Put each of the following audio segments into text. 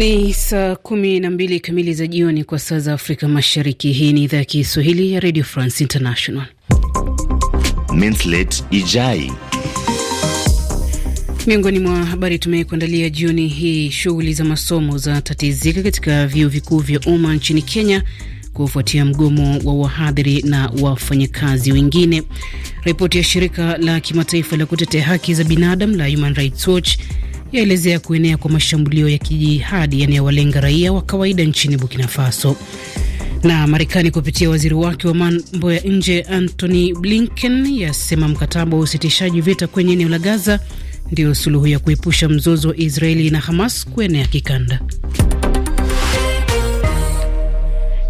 Ni saa kumi na mbili kamili za jioni kwa saa za Afrika Mashariki. Hii ni idhaa ya Kiswahili ya Radio France International. Mintlet Ijai Miongoni mwa habari tumekuandalia jioni hii: shughuli za masomo zatatizika katika vyuo vikuu vya umma nchini Kenya kufuatia mgomo wa wahadhiri na wafanyakazi wengine. Ripoti ya shirika la kimataifa la kutetea haki za binadamu la Human Rights Watch yaelezea kuenea kwa mashambulio ya kijihadi yanayowalenga raia wa kawaida nchini Burkina Faso. Na Marekani kupitia waziri wake wa mambo ya nje Antony Blinken yasema mkataba wa usitishaji vita kwenye eneo la Gaza ndiyo suluhu ya kuepusha mzozo wa Israeli na Hamas kuenea kikanda.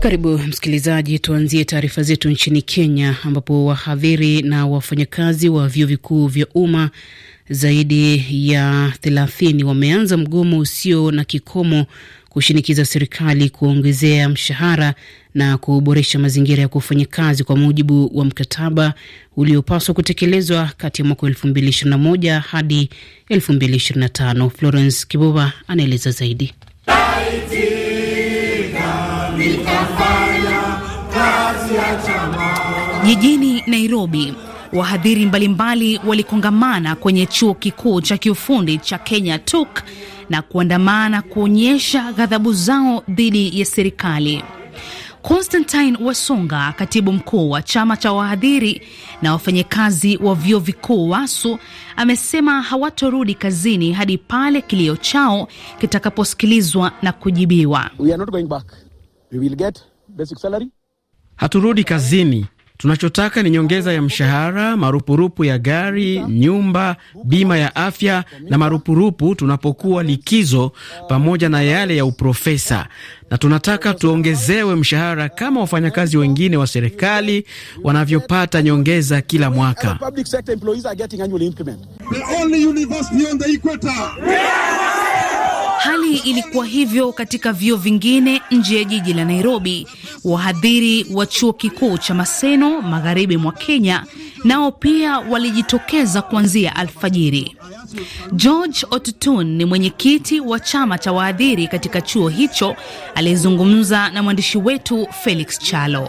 Karibu msikilizaji, tuanzie taarifa zetu nchini Kenya ambapo wahadhiri na wafanyakazi wa vyuo vikuu vya umma zaidi ya thelathini wameanza mgomo usio na kikomo kushinikiza serikali kuongezea mshahara na kuboresha mazingira ya kufanya kazi kwa mujibu wa mkataba uliopaswa kutekelezwa kati ya mwaka 2021 hadi 2025. Florence Kibuba anaeleza zaidi. Jijini Nairobi Wahadhiri mbalimbali walikongamana kwenye chuo kikuu cha kiufundi cha Kenya TUK na kuandamana kuonyesha ghadhabu zao dhidi ya serikali. Constantine Wasonga, katibu mkuu wa chama cha wahadhiri na wafanyakazi wa vyuo vikuu WASU, amesema hawatorudi kazini hadi pale kilio chao kitakaposikilizwa na kujibiwa. We are not going back. We will get basic salary. Haturudi kazini Tunachotaka ni nyongeza ya mshahara, marupurupu ya gari, nyumba, bima ya afya na marupurupu tunapokuwa likizo, pamoja na yale ya uprofesa, na tunataka tuongezewe mshahara kama wafanyakazi wengine wa serikali wanavyopata nyongeza kila mwaka. Hali ilikuwa hivyo katika vyuo vingine nje ya jiji la Nairobi Wahadhiri wa chuo kikuu cha Maseno magharibi mwa Kenya nao pia walijitokeza kuanzia alfajiri. George Otutun ni mwenyekiti wa chama cha wahadhiri katika chuo hicho aliyezungumza na mwandishi wetu Felix Chalo.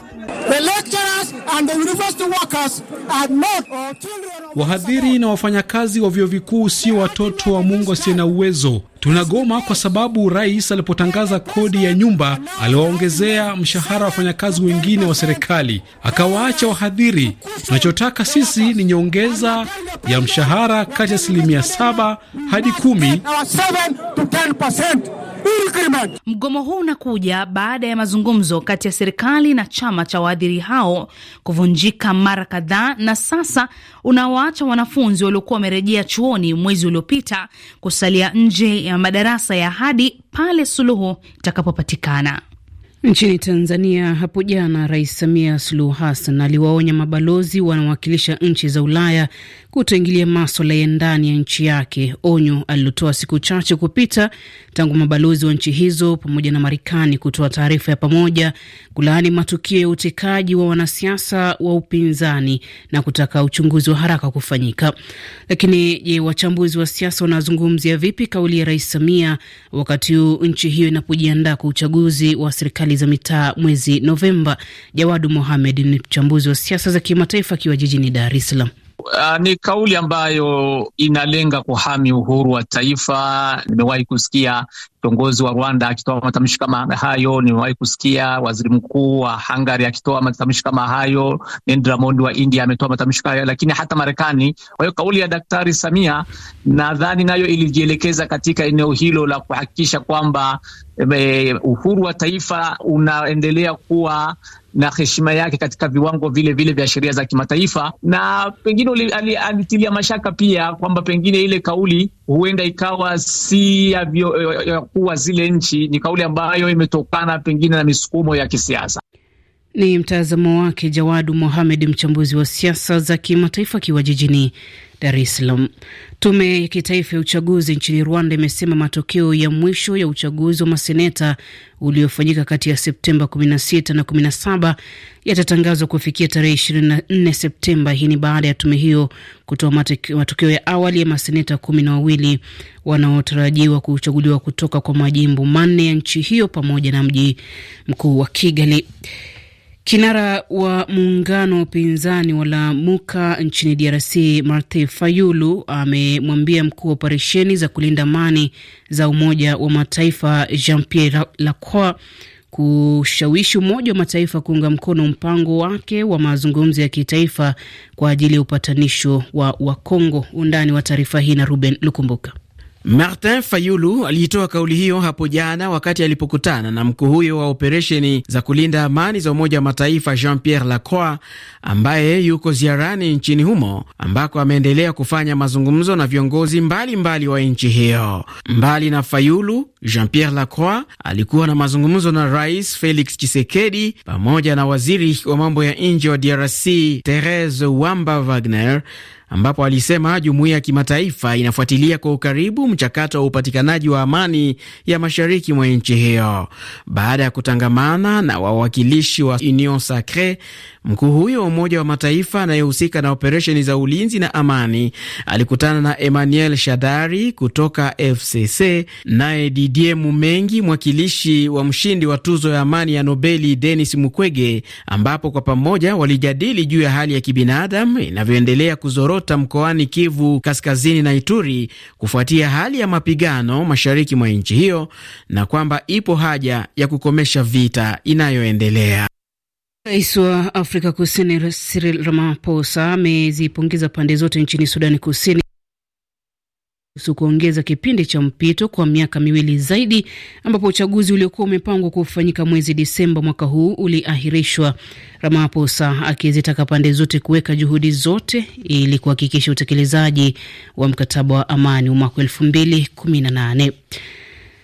Wahadhiri na wafanyakazi wa vyuo vikuu sio watoto wa Mungu asiye na uwezo. Tunagoma kwa sababu rais alipotangaza kodi ya nyumba aliwaongezea mshahara wa wafanyakazi wengine wa serikali, akawaacha wahadhiri. Tunachotaka sisi ni nyongeza ya mshahara kati ya asilimia saba hadi 1 Mgomo huu unakuja baada ya mazungumzo kati ya serikali na chama cha waadhiri hao kuvunjika mara kadhaa, na sasa unawaacha wanafunzi waliokuwa wamerejea chuoni mwezi uliopita kusalia nje ya madarasa ya hadi pale suluhu itakapopatikana. Nchini Tanzania hapo jana, Rais Samia Suluhu Hassan aliwaonya mabalozi wanaowakilisha nchi za Ulaya kutoingilia maswala ya ndani ya nchi yake, onyo alilotoa siku chache kupita tangu mabalozi wa nchi hizo pamoja na Marekani kutoa taarifa ya pamoja kulaani matukio ya utekaji wa wanasiasa wa upinzani na kutaka uchunguzi wa haraka kufanyika. Lakini je, wachambuzi wa siasa wanazungumzia vipi kauli ya Rais Samia wakati huu nchi hiyo inapojiandaa kwa uchaguzi wa serikali serikali za mitaa mwezi Novemba. Jawadu Mohamed ni mchambuzi wa siasa za kimataifa akiwa jijini Dar es Salaam. Uh, ni kauli ambayo inalenga kuhami uhuru wa taifa. Nimewahi kusikia kiongozi wa Rwanda akitoa matamshi kama hayo, nimewahi kusikia waziri mkuu wa Hungary akitoa matamshi kama hayo, Narendra Modi wa India ametoa matamshi hayo, lakini hata Marekani. Kwa hiyo kauli ya Daktari Samia nadhani nayo ilijielekeza katika eneo hilo la kuhakikisha kwamba e, uhuru wa taifa unaendelea kuwa na heshima yake katika viwango vile vile vya sheria za kimataifa, na pengine alitilia mashaka pia kwamba pengine ile kauli huenda ikawa si ya kuwa zile nchi, ni kauli ambayo imetokana pengine na misukumo ya kisiasa. Ni mtazamo wake Jawadu Mohamed, mchambuzi wa siasa za kimataifa akiwa jijini Dar es Salaam. Tume ya kitaifa ya uchaguzi nchini Rwanda imesema matokeo ya mwisho ya uchaguzi wa maseneta uliofanyika kati ya Septemba 16 na 17 yatatangazwa kufikia tarehe 24 Septemba. Hii ni baada ya tume hiyo kutoa matokeo ya awali ya maseneta kumi na wawili wanaotarajiwa kuchaguliwa kutoka kwa majimbo manne ya nchi hiyo pamoja na mji mkuu wa Kigali. Kinara wa muungano wa upinzani wa Lamuka nchini DRC Martin Fayulu amemwambia mkuu wa operesheni za kulinda amani za Umoja wa Mataifa Jean Pierre Lacroix kushawishi Umoja wa Mataifa kuunga mkono mpango wake wa mazungumzo ya kitaifa kwa ajili ya upatanisho wa Wakongo. Undani wa taarifa hii na Ruben Lukumbuka. Martin Fayulu aliitoa kauli hiyo hapo jana wakati alipokutana na mkuu huyo wa operesheni za kulinda amani za Umoja wa Mataifa Jean Pierre Lacroix, ambaye yuko ziarani nchini humo ambako ameendelea kufanya mazungumzo na viongozi mbalimbali mbali wa nchi hiyo. Mbali na Fayulu, Jean Pierre Lacroix alikuwa na mazungumzo na Rais Felix Tshisekedi pamoja na waziri wa mambo ya nje wa DRC Therese Wamba Wagner ambapo alisema jumuiya ya kimataifa inafuatilia kwa ukaribu mchakato wa upatikanaji wa amani ya mashariki mwa nchi hiyo. Baada ya kutangamana na wawakilishi wa Union Sacre, Mkuu huyo wa Umoja wa Mataifa anayehusika na operesheni za ulinzi na amani alikutana na Emmanuel Shadari kutoka FCC, naye Didier Mumengi, mwakilishi wa mshindi wa tuzo ya amani ya Nobeli Denis Mukwege, ambapo kwa pamoja walijadili juu ya hali ya kibinadamu inavyoendelea kuzorota mkoani Kivu Kaskazini na Ituri kufuatia hali ya mapigano mashariki mwa nchi hiyo na kwamba ipo haja ya kukomesha vita inayoendelea. Rais wa Afrika Kusini Cyril Ramaphosa amezipongeza pande zote nchini Sudani Kusini kuhusu kuongeza kipindi cha mpito kwa miaka miwili zaidi, ambapo uchaguzi uliokuwa umepangwa kufanyika mwezi Disemba mwaka huu uliahirishwa. Ramaphosa akizitaka pande zote kuweka juhudi zote ili kuhakikisha utekelezaji wa mkataba wa amani wa mwaka elfu mbili kumi na nane.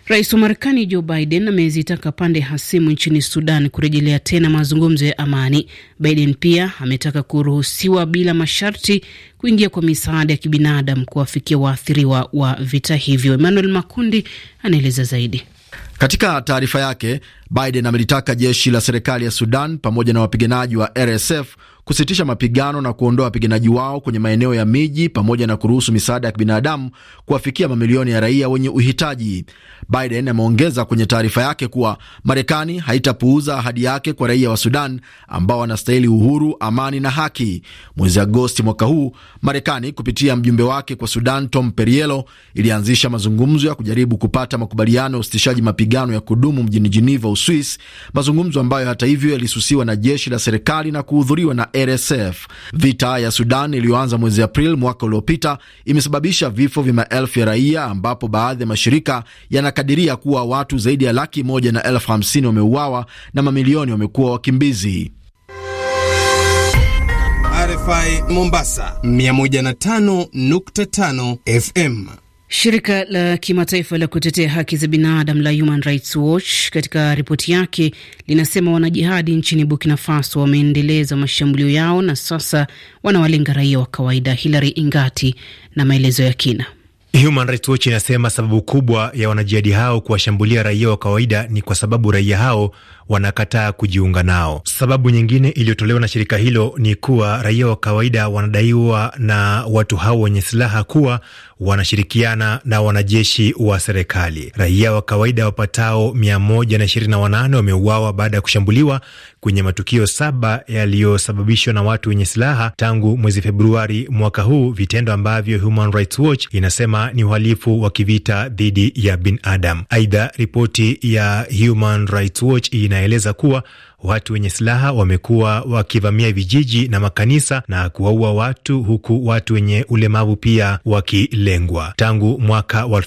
Rais wa Marekani Joe Biden amezitaka pande hasimu nchini Sudan kurejelea tena mazungumzo ya amani. Biden pia ametaka kuruhusiwa bila masharti kuingia kwa misaada ya kibinadamu kuwafikia waathiriwa wa vita hivyo. Emmanuel Makundi anaeleza zaidi. Katika taarifa yake, Biden amelitaka jeshi la serikali ya Sudan pamoja na wapiganaji wa RSF kusitisha mapigano na kuondoa wapiganaji wao kwenye maeneo ya miji pamoja na kuruhusu misaada ya kibinadamu kuwafikia mamilioni ya raia wenye uhitaji. Biden ameongeza kwenye taarifa yake kuwa Marekani haitapuuza ahadi yake kwa raia wa Sudan ambao wanastahili uhuru, amani na haki. Mwezi Agosti mwaka huu, Marekani kupitia mjumbe wake kwa Sudan Tom Perriello ilianzisha mazungumzo ya kujaribu kupata makubaliano ya usitishaji mapigano ya kudumu mjini Geneva Uswis, mazungumzo ambayo hata hivyo yalisusiwa na jeshi la serikali na kuhudhuriwa na RSF. Vita ya Sudan iliyoanza mwezi Aprili mwaka uliopita imesababisha vifo vya maelfu ya raia, ambapo baadhi ya mashirika yanakadiria kuwa watu zaidi ya laki moja na elfu hamsini wameuawa na mamilioni wamekuwa wakimbizi. RFI Mombasa 105.5 FM Shirika la kimataifa la kutetea haki za binadamu la Human Rights Watch katika ripoti yake linasema wanajihadi nchini Burkina Faso wameendeleza mashambulio yao na sasa wanawalenga raia wa kawaida. Hilary Ingati na maelezo ya kina. Human Rights Watch inasema sababu kubwa ya wanajihadi hao kuwashambulia raia wa kawaida ni kwa sababu raia hao wanakataa kujiunga nao. Sababu nyingine iliyotolewa na shirika hilo ni kuwa raia wa kawaida wanadaiwa na watu hao wenye silaha kuwa wanashirikiana na wanajeshi wa serikali. Raia wa kawaida wapatao 128 wameuawa baada ya kushambuliwa kwenye matukio saba yaliyosababishwa na watu wenye silaha tangu mwezi Februari mwaka huu, vitendo ambavyo Human Rights Watch inasema ni uhalifu wa kivita dhidi ya binadamu. Aidha, ripoti ya Human Rights Watch ina inaeleza kuwa watu wenye silaha wamekuwa wakivamia vijiji na makanisa na kuwaua watu huku watu wenye ulemavu pia wakilengwa tangu mwaka wa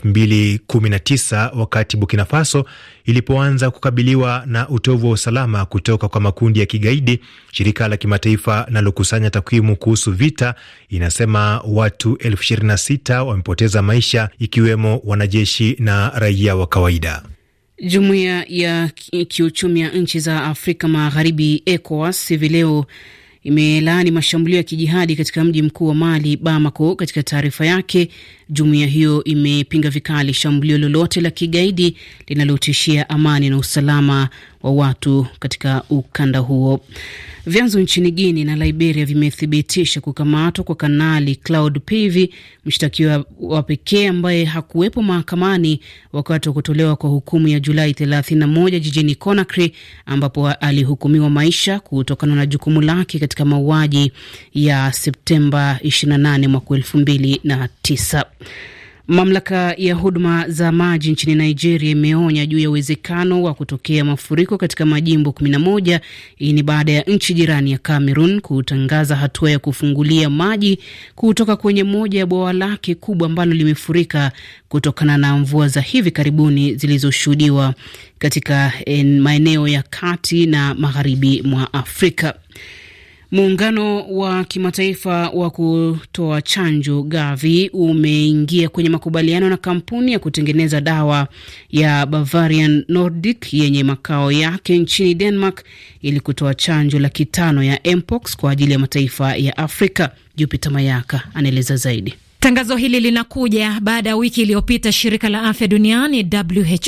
tisa wakati Burkina Faso ilipoanza kukabiliwa na utovu wa usalama kutoka kwa makundi ya kigaidi. Shirika la kimataifa linalokusanya takwimu kuhusu vita inasema watu elfu sita wamepoteza maisha ikiwemo wanajeshi na raia wa kawaida. Jumuiya ya kiuchumi ya nchi za Afrika Magharibi, ECOWAS, hivi leo imelaani mashambulio ya kijihadi katika mji mkuu wa Mali, Bamako. Katika taarifa yake, Jumuiya hiyo imepinga vikali shambulio lolote la kigaidi linalotishia amani na usalama wa watu katika ukanda huo. Vyanzo nchini Guini na Liberia vimethibitisha kukamatwa kwa Kanali Cloud Pivi, mshtakiwa wa pekee ambaye hakuwepo mahakamani wakati wa kutolewa kwa hukumu ya Julai 31 jijini Conakry, ambapo alihukumiwa maisha kutokana na jukumu lake katika mauaji ya Septemba 28 mwaka 2009. Mamlaka ya huduma za maji nchini Nigeria imeonya juu ya uwezekano wa kutokea mafuriko katika majimbo 11. Hii ni baada ya nchi jirani ya Cameroon kutangaza hatua ya kufungulia maji kutoka kwenye moja ya bwawa lake kubwa ambalo limefurika kutokana na mvua za hivi karibuni zilizoshuhudiwa katika maeneo ya kati na magharibi mwa Afrika. Muungano wa kimataifa wa kutoa chanjo Gavi umeingia kwenye makubaliano na kampuni ya kutengeneza dawa ya Bavarian Nordic yenye makao yake nchini Denmark ili kutoa chanjo laki tano ya mpox kwa ajili ya mataifa ya Afrika. Jupita Mayaka anaeleza zaidi. Tangazo hili linakuja baada ya wiki iliyopita shirika la afya duniani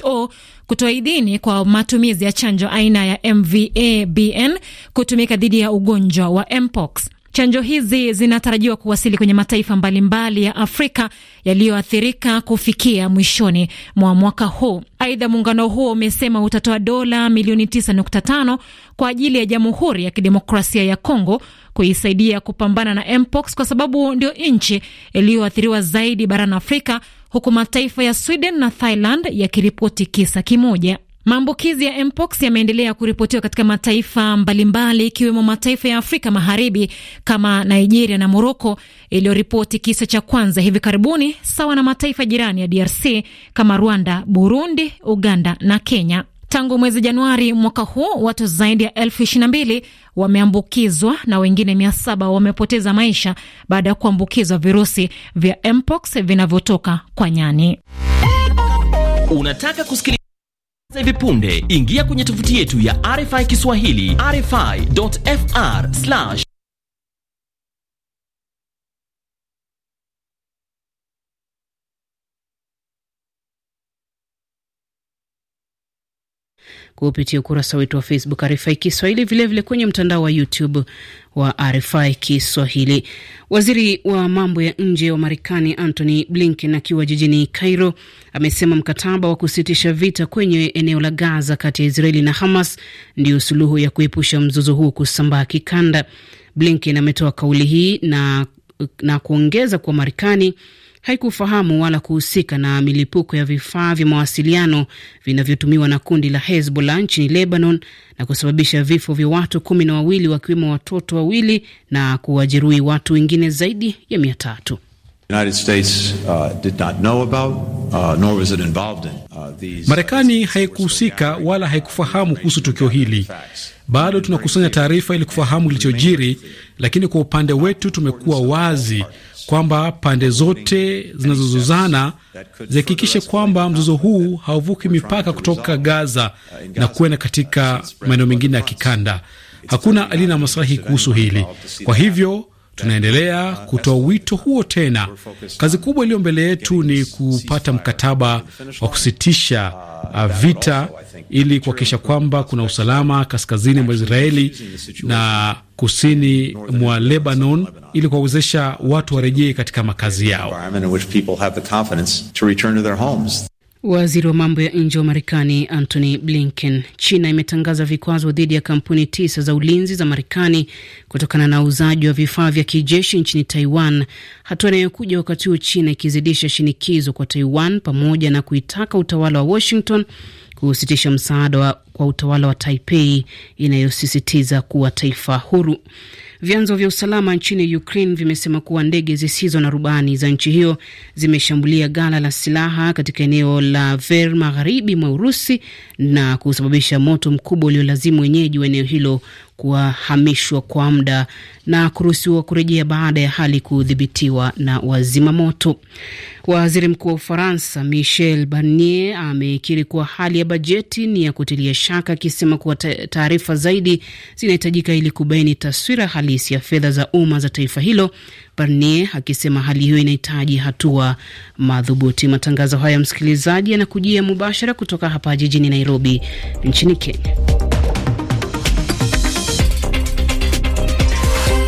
WHO kutoa idhini kwa matumizi ya chanjo aina ya MVABN kutumika dhidi ya ugonjwa wa mpox. Chanjo hizi zinatarajiwa kuwasili kwenye mataifa mbalimbali ya Afrika yaliyoathirika kufikia mwishoni mwa mwaka huu. Aidha, muungano huo umesema utatoa dola milioni 9.5 kwa ajili ya Jamhuri ya Kidemokrasia ya Kongo kuisaidia kupambana na mpox kwa sababu ndio nchi iliyoathiriwa zaidi barani Afrika, huku mataifa ya Sweden na Thailand yakiripoti kisa kimoja. Maambukizi ya mpox yameendelea kuripotiwa katika mataifa mbalimbali ikiwemo mataifa ya Afrika Magharibi kama Nigeria na Moroko iliyoripoti kisa cha kwanza hivi karibuni, sawa na mataifa jirani ya DRC kama Rwanda, Burundi, Uganda na Kenya. Tangu mwezi Januari mwaka huu watu zaidi ya elfu ishirini na mbili wameambukizwa na wengine mia saba wamepoteza maisha baada ya kuambukizwa virusi vya mpox vinavyotoka kwa nyani. Unataka Hivi punde ingia kwenye tovuti yetu ya RFI Kiswahili, rfi.fr kupitia ukurasa wetu wa Facebook RFI Kiswahili, vilevile kwenye mtandao wa YouTube wa RFI Kiswahili. Waziri wa mambo ya nje wa Marekani Antony Blinken akiwa jijini Cairo amesema mkataba wa kusitisha vita kwenye eneo la Gaza kati ya Israeli na Hamas ndiyo suluhu ya kuepusha mzozo huu kusambaa kikanda. Blinken ametoa kauli hii na, na kuongeza kuwa Marekani haikufahamu wala kuhusika na milipuko ya vifaa vya mawasiliano vinavyotumiwa na kundi la Hezbollah nchini Lebanon na kusababisha vifo vya watu kumi na wawili wakiwemo watoto wawili na kuwajeruhi watu wengine zaidi ya mia tatu. Uh, uh, uh, Marekani haikuhusika wala haikufahamu kuhusu tukio hili. Bado tunakusanya taarifa ili kufahamu kilichojiri, lakini kwa upande wetu tumekuwa wazi kwamba pande zote zinazozozana zihakikishe kwamba mzozo huu hauvuki mipaka kutoka Gaza na kuenda katika maeneo mengine ya kikanda. Hakuna aliye na maslahi kuhusu hili. Kwa hivyo tunaendelea kutoa wito huo tena. Kazi kubwa iliyo mbele yetu ni kupata mkataba wa kusitisha uh, vita ili kuhakikisha kwamba kuna usalama kaskazini mwa Israeli na kusini mwa Lebanon ili kuwawezesha watu warejee katika makazi yao. Waziri wa mambo ya nje wa Marekani Antony Blinken. China imetangaza vikwazo dhidi ya kampuni tisa za ulinzi za Marekani kutokana na uuzaji wa vifaa vya kijeshi nchini Taiwan, hatua inayokuja wakati huo China ikizidisha shinikizo kwa Taiwan pamoja na kuitaka utawala wa Washington kusitisha msaada kwa utawala wa Taipei inayosisitiza kuwa taifa huru. Vyanzo vya usalama nchini Ukraine vimesema kuwa ndege zisizo na rubani za nchi hiyo zimeshambulia gala la silaha katika eneo la Ver magharibi mwa Urusi na kusababisha moto mkubwa uliolazimu wenyeji wa eneo hilo kuwahamishwa kwa muda na kuruhusiwa kurejea baada ya hali kudhibitiwa na wazimamoto. Waziri Mkuu wa Ufaransa Michel Barnier amekiri kuwa hali ya bajeti ni ya kutilia shaka, akisema kuwa taarifa zaidi zinahitajika ili kubaini taswira halisi ya fedha za umma za taifa hilo. Barnier akisema hali hiyo inahitaji hatua madhubuti. Matangazo haya, msikilizaji, yanakujia mubashara kutoka hapa jijini Nairobi nchini Kenya.